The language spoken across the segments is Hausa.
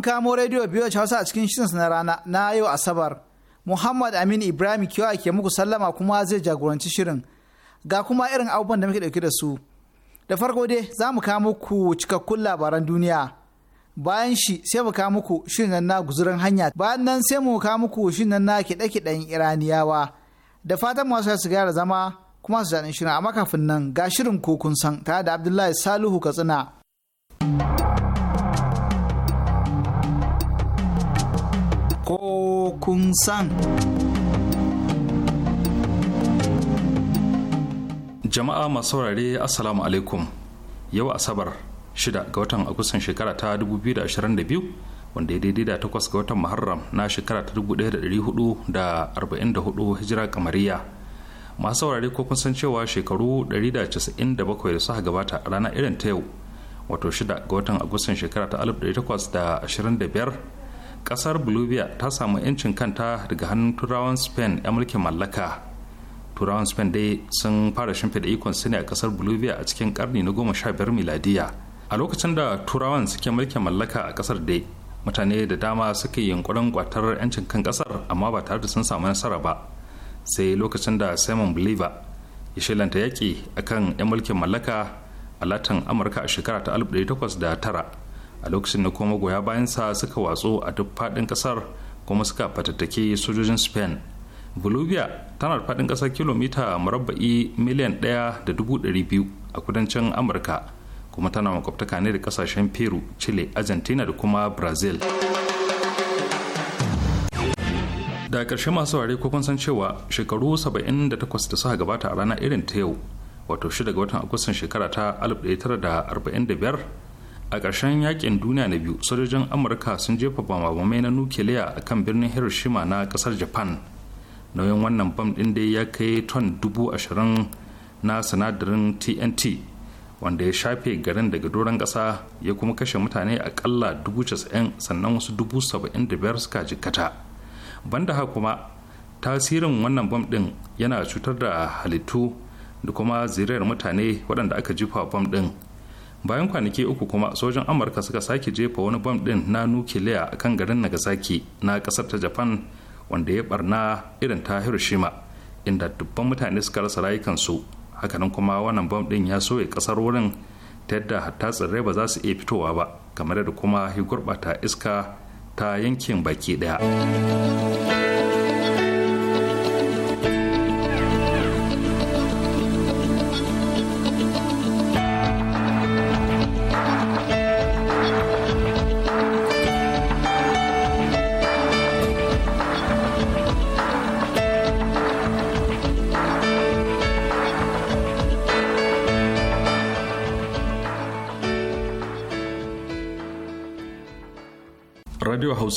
an kamo rediyo biyu Hausa a cikin shirinsa na rana na yau Asabar. Muhammad Amin Ibrahim Kiyawa ke muku sallama kuma zai jagoranci shirin. Ga kuma irin abubuwan da muke dauke da su. Da farko dai za mu kawo muku cikakkun labaran duniya. Bayan shi sai mu kawo muku shirin na guzurin hanya. Bayan nan sai mu kawo muku shirin na kiɗe-kiɗen Iraniyawa. Da fatan masu su gyara zama kuma su daɗin shirin amma kafin nan ga shirin kukunsan san tare da Abdullahi Salihu Katsina. ko kun san. Jama'a masu saurare Assalamu alaikum yau Asabar shida ga watan Agustan shekara ta 2022 wanda ya daidai da takwas ga watan Muharram na shekara ta 1444 hijira kamariya. Masu saurare ko kun san cewa shekaru 197 da suka gabata a rana irin ta yau wato shida ga watan Agustan shekara ta 1825 kasar bolivia ta samu 'yancin kanta daga hannun turawan spain 'yan mulkin mallaka turawan spain dai sun fara shimfida ikon su ne a kasar bolivia a cikin karni na goma sha biyar miladiya a lokacin da turawan suke mulkin mallaka a kasar dai mutane da dama suke yunkurin kwatar 'yancin kan kasar amma ba tare da sun samu nasara ba sai lokacin da simon bolivia ya shelanta yaƙi akan 'yan mulkin mallaka a latin amurka a shekara ta da tara. a lokacin da kuma magoya bayansa suka watsu a duk faɗin ƙasar kuma suka fatattake sojojin spain bolivia tana da faɗin ƙasar kilomita murabba'i miliyan ɗaya da dubu ɗari biyu a kudancin amurka kuma tana makwabtaka ne da kasashen peru chile argentina da kuma brazil da ƙarshe masu ware ko kun san cewa shekaru 78 da suka gabata a rana irin ta yau wato 6 ga watan agustan shekara ta 1945 a ƙarshen yakin duniya na biyu sojojin amurka sun jefa bamabamai na nukiliya a kan birnin hiroshima na ƙasar japan nauyin wannan bam ɗin dai ya kai ton dubu ashirin na sinadarin tnt wanda ya shafe garin daga doron ƙasa ya kuma kashe mutane aƙalla dubu casa'in sannan wasu dubu saba'in da biyar suka jikkata banda haka kuma tasirin wannan bam ɗin yana cutar da halittu da kuma ziriyar mutane waɗanda aka jifa bam ɗin bayan kwanaki uku kuma sojan amurka suka sake jefa wani bom din na nukiliya a kan garin nagasaki na kasar ta japan wanda ya barna irin ta hiroshima inda dubban mutane suka rasa rayukansu hakanan kuma wannan bom din ya soya kasar wurin ta yadda hatta tsirrai ba za su iya fitowa ba kamar da kuma ya gurbata iska ta yankin baki ɗaya.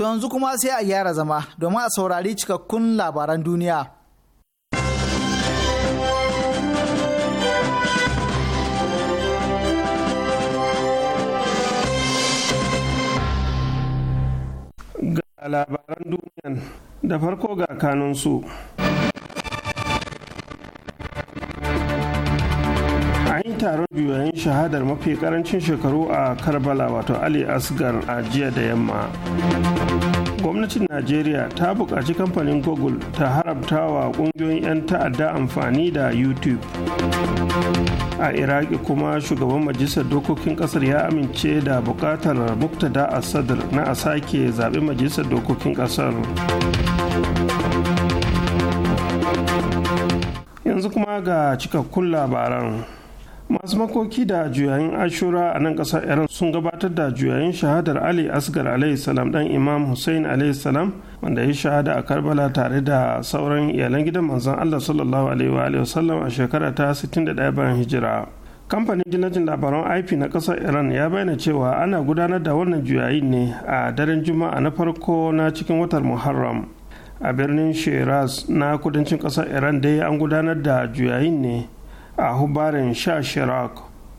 To yanzu kuma sai a gyara zama domin a saurari cikakkun labaran duniya. Ga labaran duniyan da farko ga kanunsu. su. taron biyoyin shahadar mafi karancin shekaru a karbala wato ali asgar a jiya da yamma gwamnatin najeriya ta buƙaci kamfanin google ta haramta wa ƙungiyoyin 'yan ta'adda amfani da youtube a iraki kuma shugaban majalisar dokokin ƙasar ya amince da buƙatar muktada asadar na a sake zaɓi majalisar dokokin ƙasar yanzu kuma ga cikakkun labaran masu makoki da juyayin ashura a nan kasar iran sun gabatar da juyayin shahadar ali asgar salam dan imam hussein salam wanda ya shahada a karbala tare da sauran iyalan gidan manzon allah sallallahu alaihi wa wasallam a shekara ta 61 bayan hijira kamfanin jinajin labaran ip na kasar iran ya bayyana cewa ana gudanar da wannan juyayin ne a daren juma'a na farko na cikin watan muharram a birnin shiraz na kudancin kasar iran dai an gudanar da juyayin ne a hubarin sha shirak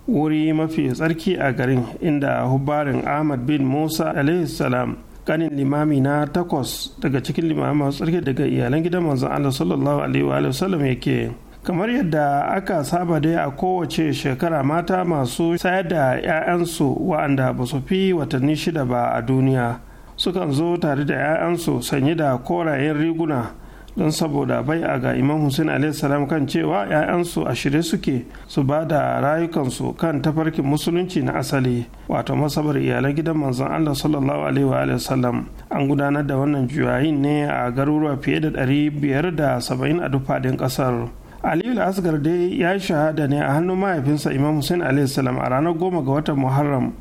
wuri mafi tsarki a garin inda hubarin ahmad bin musa salam kanin limami na takwas daga cikin limami tsarki daga iyalan gidan manzon allah sallallahu alaihi wa sallam yake kamar yadda aka saba dai a kowace shekara mata masu sayar da 'ya'yansu wa'anda ba su fi watanni shida ba a duniya sukan zo tare da 'ya'yansu sanye da korayen riguna don saboda bai a ga imam hussein salam kan cewa 'ya'yansu a shirye suke su ba da rayukansu kan tafarkin musulunci na asali wato masabar iyalan gidan manzon allah sallallahu alaihi wa sallam an gudanar da wannan juyayin ne a garuruwa fiye da biyar da ɗari saba'in a duk ƙasar aliyu asgar dai ya shahada ne a hannun mahaifinsa imam hussein salam a ranar goma ga watan muharram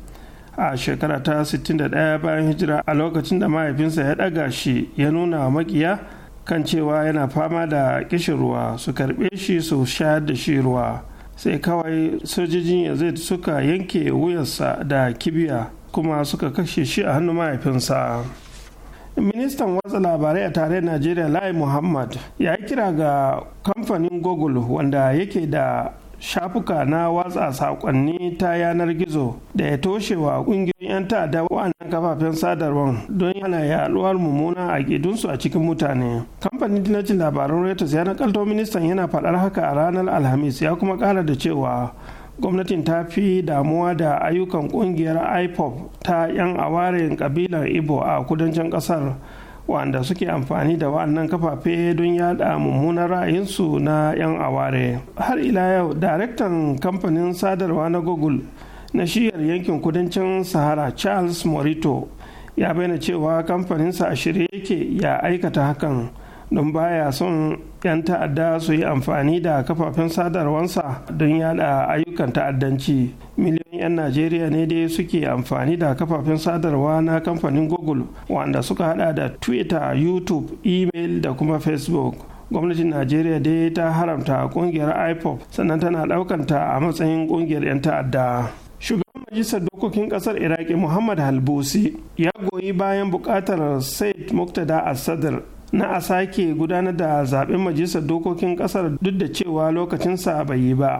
a shekara ta 61 bayan hijira a lokacin da mahaifinsa ya ɗaga shi ya nuna wa makiya kan cewa yana fama da kishirwa su karbe shi su sha da shi ruwa sai kawai sojojin yazid suka yanke wuyarsa da kibiya kuma suka kashe shi a hannu mahaifinsa ministan watsa labarai a tare najeriya lai muhammad ya yi kira ga kamfanin google wanda yake da shafuka na watsa saƙonni ta yanar gizo da ya toshewa ƙungiyoyin 'yan ta'adda wa'annan kafafen sadarwar don yana yaɗuwar mummuna a gidunsu a cikin mutane kamfanin dinacin labarun reuters ya nakalto ministan yana faɗar haka a ranar alhamis ya kuma ƙara da cewa gwamnatin ta fi damuwa da ayyukan ƙungiyar ipop ta 'yan awarin ƙabilar ibo a kudancin ƙasar wanda suke amfani da wannan kafafe don yada mummunan ra'ayinsu na 'yan aware har ila yau daraktan kamfanin sadarwa na google na shiyar yankin kudancin sahara charles morito ya bayyana cewa kamfaninsa a shirye yake ya aikata hakan don baya son 'yan ta'adda su yi amfani da kafafen sadarwansa don yada ayyukan ta'addanci 'yan najeriya ne dai suke amfani da kafafen sadarwa na kamfanin google wanda suka hada da twitter youtube email da kuma facebook gwamnatin najeriya dai ta haramta kungiyar ipop sannan tana daukanta a matsayin kungiyar 'yan ta'adda shugaban majistar dokokin kasar iraki muhammad halbusi ya goyi bayan bukatar said muktada al-sadr na a sake gudanar da zaben majalisar dokokin kasar duk da cewa lokacinsa bai yi ba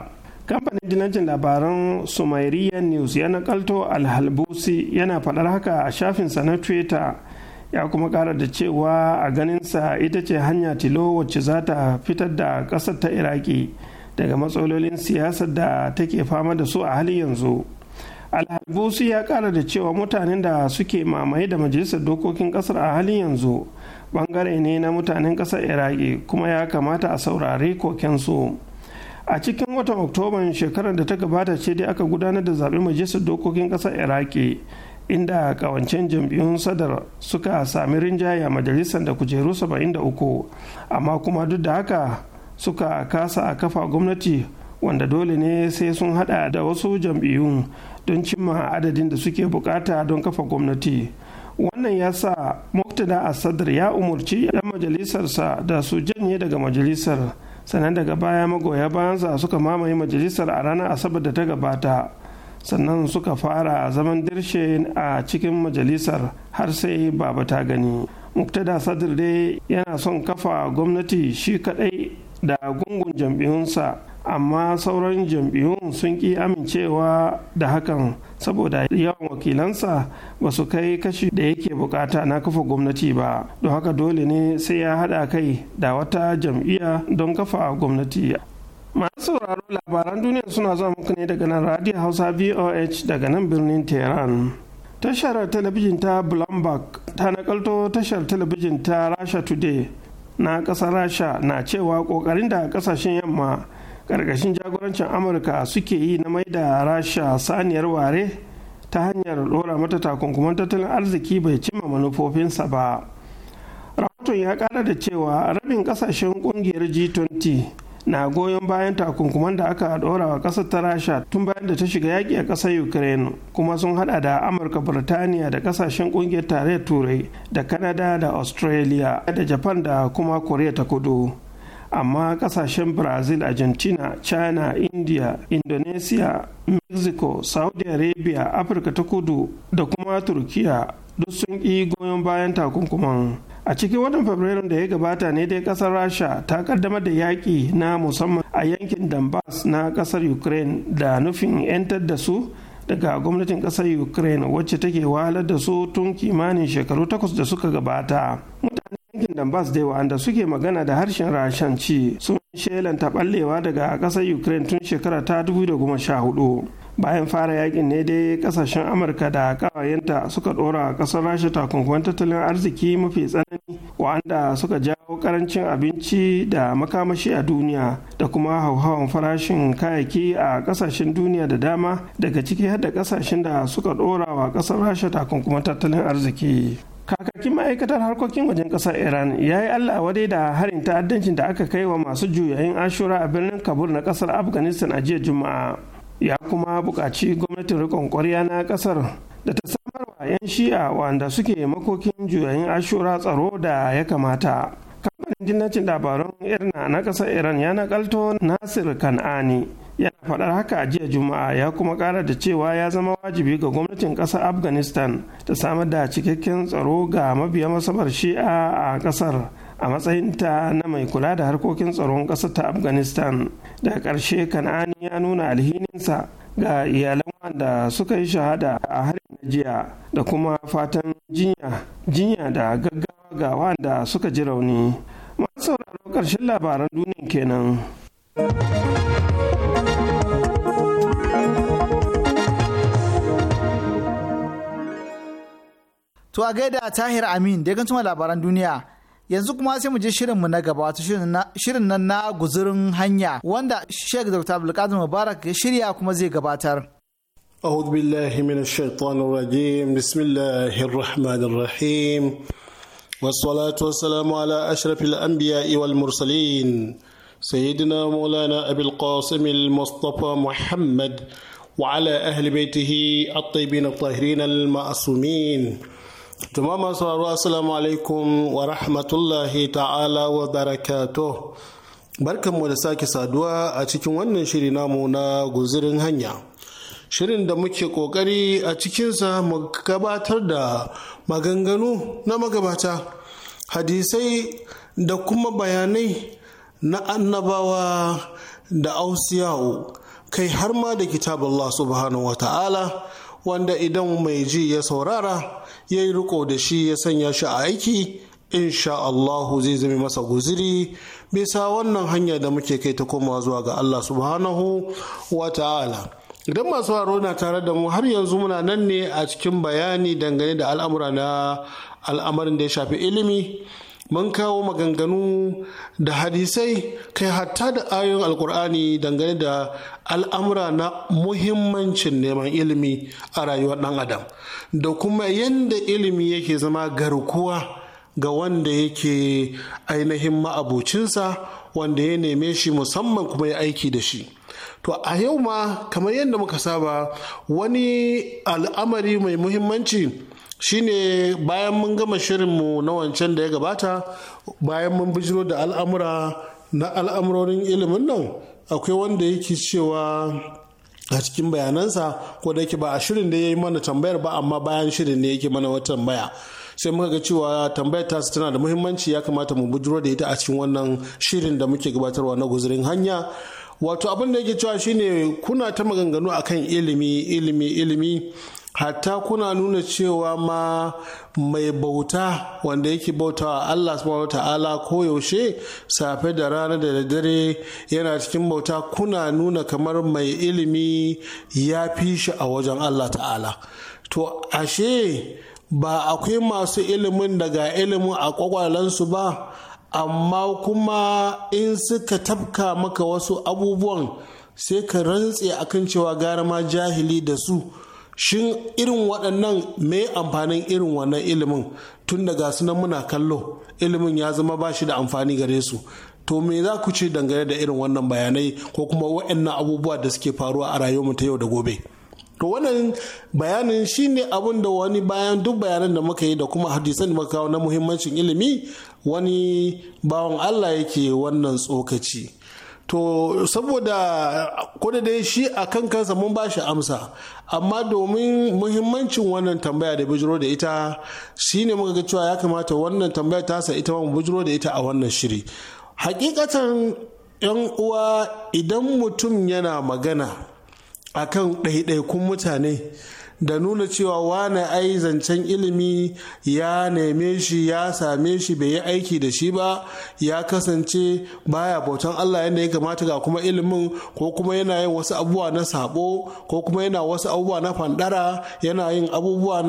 kamfanin dinancin labaran sumairiya news yana nakalto alhalbusi yana faɗar haka a shafinsa na twitter ya kuma ƙara da cewa a ganinsa ita ce hanya tilo wacce za ta fitar da ƙasar ta iraki daga matsalolin siyasar da take fama da su a halin yanzu alhalbusi ya ƙara da cewa mutanen da suke mamaye da majalisar dokokin ƙasar a halin yanzu bangare ne na mutanen ƙasar iraki kuma ya kamata a saurari kokensu. su a cikin watan oktoban shekarar da ta gabata ce dai aka gudanar da zaɓen majalisar dokokin ƙasar iraki inda kawancen jam'iyyun sadar suka sami rinjaye a majalisar da kujeru 73 amma kuma duk da haka suka kasa a kafa gwamnati wanda dole ne sai sun hada da wasu jam'iyyun don cimma adadin da suke bukata don kafa gwamnati wannan ya sa muktada sadar ya umarci 'yan majalisarsa da su janye daga majalisar sannan daga baya magoya bayansa suka mamaye majalisar a ranar asabar da ta gabata sannan suka fara zaman dirshe a cikin majalisar har sai baba ta gani muktada sadir dai yana son kafa gwamnati shi kadai da gungun jam'iyyunsa amma sauran jam'iyyun sun ƙi amincewa da hakan saboda yawan wakilansa ba su kai kashi da yake bukata na kafa gwamnati ba don haka dole ne sai ya haɗa kai da wata jam'iyya don kafa gwamnati masu sauraro labaran duniya suna zuwa muku ne daga nan radio hausa voh daga nan birnin tehran tashar talabijin ta bloomberg ta nakalto tashar talabijin ta rasha today na ƙasar rasha na cewa ƙoƙarin da ƙasashen yamma ƙarƙashin jagorancin amurka suke yi na mai da rasha saniyar ware ta hanyar ɗora mata takunkuman tattalin arziki bai cimma manufofinsa ba rahoton ya ƙara da cewa rabin ƙasashen ƙungiyar g20 na goyon bayan takunkuman da aka ɗora wa ƙasar ta rasha tun bayan da ta shiga yaƙi a ƙasar ukraine kuma sun hada da amurka birtaniya da ƙasashen ƙungiyar tarayyar turai da kanada da australia da japan da kuma korea ta kudu amma kasashen brazil argentina china india indonesia mexico saudi arabia afirka ta kudu da kuma turkiya duk sun ƙi goyon bayan takunkuman a cikin watan fabrairun da ya gabata ne dai kasar rasha ta kaddamar da yaƙi na musamman a yankin donbass na kasar ukraine da nufin 'yantar da su daga gwamnatin kasar ukraine wacce take wahalar da su tun kimanin shekaru takwas da suka gabata mutane yankin donbass dai wa'anda suke magana da harshen rashanci sun shelanta ɓallewa daga kasar ukraine tun shekara ta 2014 bayan fara yakin ne dai kasashen amurka da kawayenta suka dora kasar rasha takunkuman tattalin arziki mafi tsanani wa'anda suka jawo karancin abinci da makamashi a duniya da kuma hauhawan farashin kayayyaki a kasashen duniya da dama daga ciki har da kasashen da suka dora wa kasar rasha takunkuman tattalin arziki kakakin ma'aikatar harkokin wajen kasar iran ya yi allah wadai da harin ta'addancin da aka kai wa masu juyayin ashura a birnin kabul na kasar afghanistan a jiya juma'a ya kuma buƙaci gwamnatin rikon ƙwarya na kasar da ta samarwa 'yan shi'a wanda suke makokin juyayin ashura tsaro da ya kamata kamfanin dinnacin labaran irna na kasar iran ya nakalto nasir kan'ani faɗar haka a jiya juma'a ya kuma ƙara da cewa ya zama wajibi ga gwamnatin ƙasar afghanistan ta samar da cikakken tsaro ga mabiya masabar shi'a a ƙasar a matsayinta na mai kula da harkokin tsaron ƙasar ta afghanistan daga ƙarshe kan'ani ya nuna alhininsa ga iyalan wanda suka yi shahada a harin na jiya da kuma fatan jinya jinya da gaggawa ga wanda suka ji rauni masu sauraro ƙarshen labaran duniya kenan. To a gaida Tahir Amin da ya labaran duniya. Yanzu kuma sai mu je shirinmu na gaba wato shirin nan na guzurin hanya wanda Sheikh Dr. Abdulkadir Mubarak ya shirya kuma zai gabatar. أعوذ بالله من الشيطان الرجيم بسم الله الرحمن الرحيم والصلاة والسلام على أشرف الأنبياء والمرسلين سيدنا مولانا أبي القاسم المصطفى محمد وعلى أهل بيته الطيبين الطاهرين المعصومين تماما صاروا السلام عليكم ورحمة الله تعالى وبركاته barkan mu da sake saduwa a cikin wannan shiri namu na guzirin hanya shirin da muke kokari a cikinsa mu gabatar da maganganu na magabata hadisai da kuma bayanai na annabawa da ausiyawo kai har ma da kitab Allah subhanahu wa ta'ala wanda idan mai ji ya saurara ya yi riko da shi ya sanya shi a aiki insha Allahu zai zama masa guziri bisa wannan hanya da muke kai ta komawa zuwa ga Allah subhanahu wa ta'ala. idan masu haro na tare da mu har yanzu muna nan ne a cikin bayani dangane da al'amura na al'amarin da ya shafi ilimi mun kawo maganganu da hadisai kai hatta da ayoyin alkur'ani dangane da al'amura na muhimmancin neman ilimi a rayuwar ɗan adam da kuma yadda ilimi yake zama garkuwa ga wanda yake ainihin ma'abucinsa wanda ya neme shi musamman kuma ya aiki da shi to a yau ma kamar yadda muka saba wani al'amari mai muhimmanci shine bayan mun gama shirinmu na wancan da ya gabata bayan mun bijiro da al'amura na al'amurorin ilimin nan akwai wanda yake cewa a cikin bayanansa ko da yake ba a shirin da ya yi mana tambayar ba amma bayan shirin ne yake mana wata tambaya sai muka ga cewa tambayar ta tana da muhimmanci ya kamata mu bujiro da ita a cikin wannan shirin da muke gabatarwa na guzurin hanya wato abin da yake cewa shine kuna ta maganganu akan ilimi ilimi ilimi hatta kuna nuna cewa ma mai bauta wanda yake bautawa Allah subhanahu ta'ala koyaushe safe da rana da dare yana cikin bauta kuna nuna kamar mai ilimi ya fi shi a wajen Allah ta'ala to ashe ba akwai masu ilimin daga ilimin a kwakwalansu ba amma kuma in suka tafka maka wasu abubuwan sai ka rantse akan cewa gara ma jahili da su shin irin waɗannan me amfanin irin wannan ilimin tun daga sunan muna kallo ilimin ya zama ba shi da amfani gare su to me za ku ce dangane da irin wannan bayanai ko kuma waɗannan abubuwa da suke faruwa a rayuwarmu ta yau da gobe to wannan bayanin shine abin da wani bayan duk bayanan da muka yi da kuma hadisan da muka kawo na muhimmancin ilimi wani bawan allah yake wannan tsokaci to saboda ko dai shi a kan kansa mun ba shi amsa amma domin muhimmancin wannan tambaya da bijiro da ita shine muka ga cewa ya kamata wannan tambaya ta sa ita mu bijiro da ita a wannan shiri hakikatan yan uwa idan mutum yana magana akan ɗaiɗaikun mutane da nuna cewa wane ai zancen ilimi ya neme shi ya same shi bai yi aiki da shi ba ya kasance baya bautan Allah yadda ya kamata ga kuma ilimin ko kuma yana yin wasu abubuwa na sabo ko kuma yana wasu abubuwa na fandara yana yin abubuwa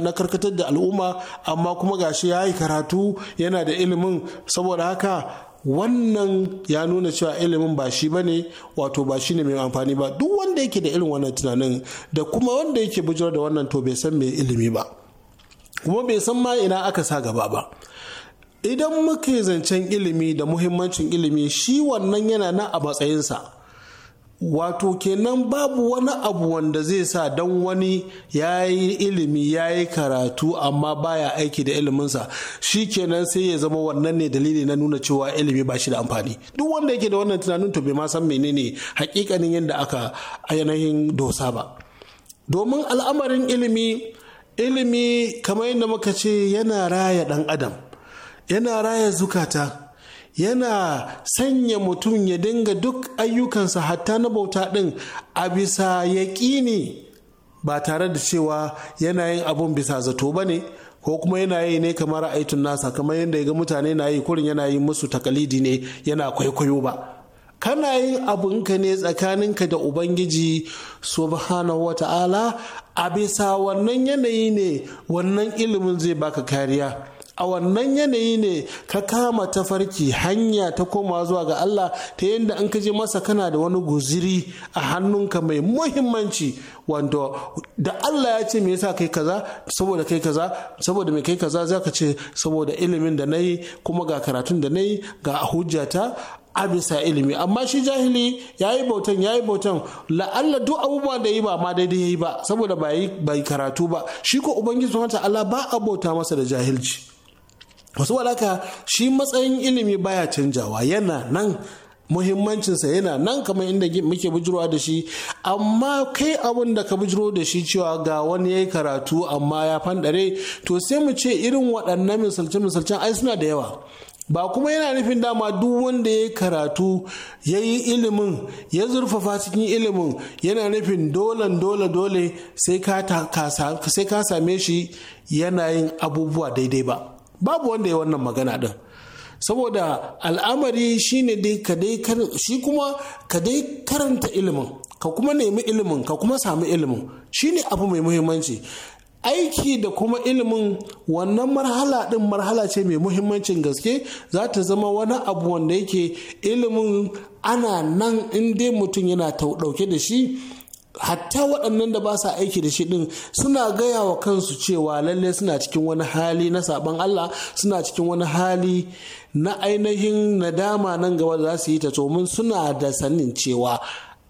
na karkatar da al'umma amma kuma gashi ya yi karatu yana da ilimin saboda haka wannan ya nuna cewa ilimin ba shi ba ne wato ba shi ne mai amfani ba duk wanda yake da irin wannan tunanin da kuma wanda yake bujar da wannan to bai san mai ilimi ba kuma bai san ma ina aka sa gaba ba idan muke zancen ilimi da muhimmancin ilimi shi wannan yana nan a matsayinsa wato kenan babu wani abu wanda zai sa don wani ya yi ilimi ya yi karatu amma baya aiki da iliminsa shi kenan sai ya zama wannan ne dalili na nuna cewa ilimi ba shi da amfani duk wanda yake da wannan tunanin to bai ma san menene hakikanin yadda aka ainihin dosa ba domin al'amarin ilimi ilimi kamar yadda muka ce yana raya dan adam yana raya zukata yana sanya mutum ya dinga duk ayyukansa hatta na bauta ɗin a bisa yaƙini ba tare da cewa yana yin abun bisa zato ba ne ko kuma yana yi ne kamar aitun nasa kamar yadda ya ga mutane na yi kurin yana yi musu takalidi ne yana kwaikwayo ba kana yin abinka ne ka da ubangiji subhanahu wa ta'ala a bisa wannan yanayi ne wannan ilimin zai baka kariya a wannan yanayi ne ka kama ta farki hanya ta koma zuwa ga Allah ta yadda an kaje masa kana da wani guziri a hannunka mai muhimmanci wanda da Allah ya ce me yasa kai kaza saboda kai kaza saboda me kai kaza zaka ce saboda ilimin da nayi kuma ga karatun da nayi ga hujjata a bisa ilimi amma shi jahili ya yi bautan ya yi bautan la'alla duk abubuwa da yi ba ma daidai ya yi ba saboda ba yi karatu ba shi ko ubangiji wata Allah ba a bauta masa da jahilci wasu walaka shi matsayin ilimi baya canjawa yana nan muhimmancinsa yana nan kamar inda muke bujirwa da shi amma kai abin da ka bujiro da shi cewa ga wani ya yi karatu amma ya fandare to sai mu ce irin waɗannan misalce-misalcen ai suna da yawa ba kuma yana nufin dama duk wanda ya yi karatu ya yi ilimin ya zurfafa cikin ilimin yana nufin dolan dole dole sai ka same shi yana yin abubuwa daidai ba babu wanda ya wannan magana din saboda al'amari shine dai ka dai shi kuma ka dai karanta ilimin ka kuma nemi ilimin ka kuma sami ilimin shine abu mai muhimmanci aiki da kuma ilimin wannan marhala din marhala ce mai muhimmancin gaske za ta zama wani abu wanda yake ilimin ana nan in dai mutum yana dauke da shi hatta waɗannan da ba sa aiki da shi ɗin suna gaya wa kansu cewa lalle suna cikin wani hali na sabon Allah suna cikin wani hali na ainihin nadama nan gaba za su yi ta domin suna da sanin cewa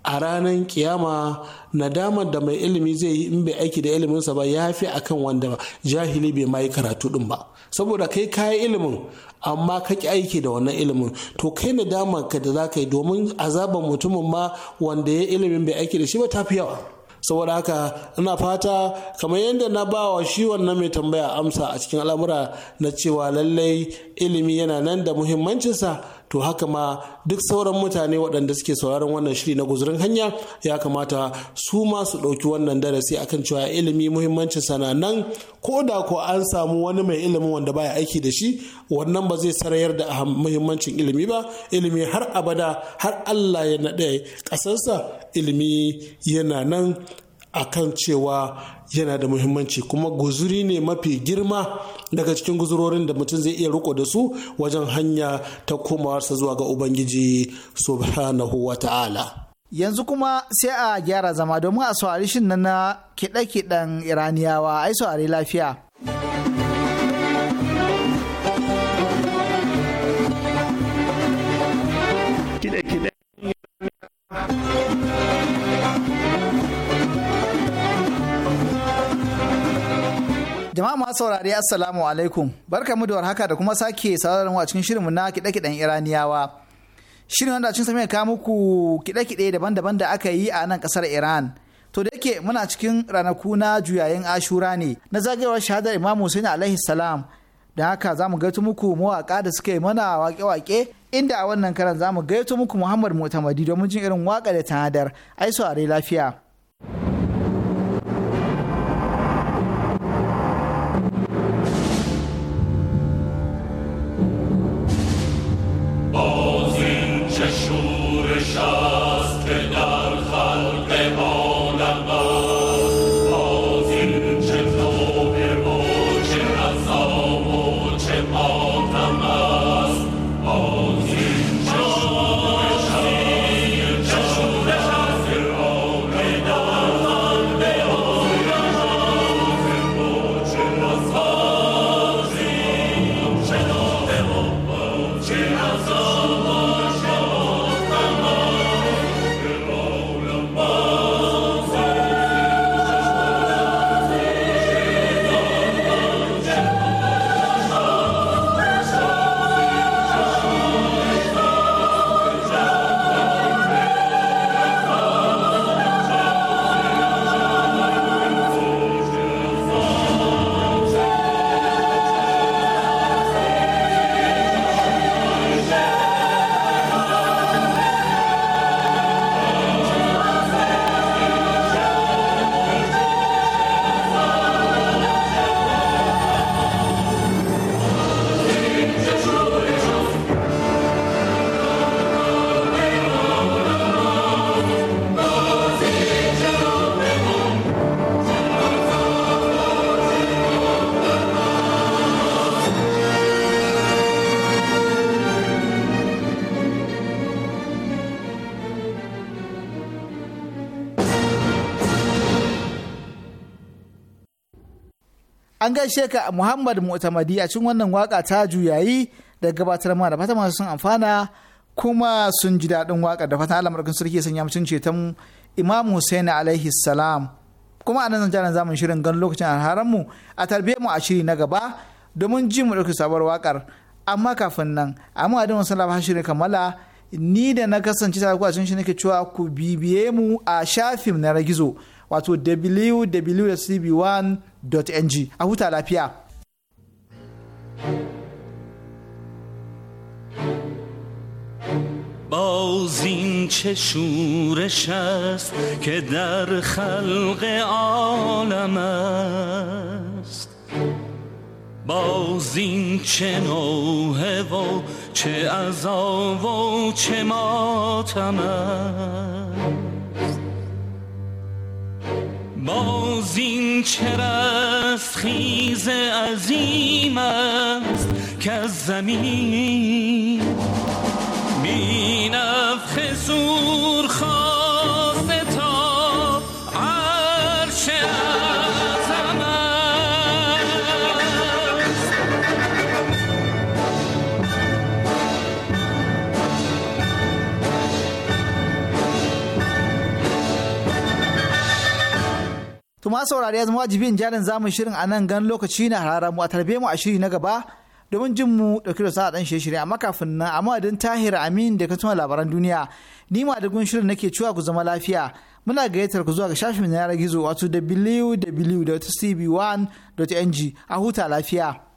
a ranar kiyama nadamar da mai ilimi zai yi in bai aiki da iliminsa ba ya fi akan wanda jahili bai ma yi karatu din ba saboda kai kayi ilimin amma ka ki aiki da wannan ilimin to kai nadamar ka da za ka yi domin azaban mutumin ma wanda ya ilimin bai aiki da shi ba ta fi yawa saboda haka ina fata kamar yadda na bawa shi wannan mai tambaya amsa a cikin al'amura na cewa lallai ilimi yana nan da muhimmancinsa to haka ma duk sauran mutane waɗanda suke sauraron wannan shiri na guzurin hanya ya kamata su ma su ɗauki wannan darasi akan cewa ilimi muhimmancin sana nan ko da ko an samu wani mai ilimi wanda baya aiki da shi wannan ba zai sarayar da muhimmancin ilimi ba ilimi har abada har Allah ya naɗe ƙasarsa ilimi yana nan akan cewa yana da muhimmanci kuma guzuri ne mafi girma daga cikin guzurorin da mutum zai iya riko da su wajen hanya ta komawarsa zuwa ga ubangiji subhanahu wa ta'ala yanzu kuma sai a gyara zama domin a saurari shin na kiɗe-kiɗen iraniyawa ai saurari lafiya Jama'a masu saurari Assalamu alaikum. Barka mu da warhaka da kuma sake sauraron a cikin shirinmu na kiɗe-kiɗen Iraniyawa. Shirin wanda cikin samiya kawo muku kiɗe-kiɗe daban-daban da aka yi a nan kasar Iran. To da yake muna cikin ranaku na juyayin Ashura ne na zagayewar shahadar Imam Hussein alaihi salam. Da haka za mu gaito muku mawaƙa da suka yi mana waƙe-waƙe inda a wannan karan za mu gaito muku Muhammad Mutamadi domin jin irin waka da tanadar. Ai saurari lafiya. an gaishe ka muhammad mu'tamadi a cikin wannan waka ta juyayi da gabatar mana da fata masu sun amfana kuma sun ji daɗin waka da fata allah madaukakin sarki ya sanya mutum imam hussein alaihi salam kuma anan zan jaran zamu shirin gan lokacin alharan mu a tarbiyyar mu a shiri na gaba domin ji mu dauki sabuwar wakar amma kafin nan amma adin wasu shirin kamala ni da na kasance ta kuwa shi nake cewa ku bibiye mu a shafin na ragizo wato www.cb1 ng a چه شورش است که در خلق عالم است باز چه نوه و چه عذاب و چه ماتم است باز این چه خیز عظیم است که از زمین بینفخ سود ma saurari ya zama wajibin jarin zamu shirin a nan gan lokaci na harara mu a tarbe mu a shiri na gaba domin jin mu dauki da sa'a dan shirye amma kafin nan amma din tahir amin da kasuwan labaran duniya ni ma da gun shirin nake cewa ku zama lafiya muna gayyatar ku zuwa ga shafin yanar gizo wato www.tv1.ng a huta lafiya.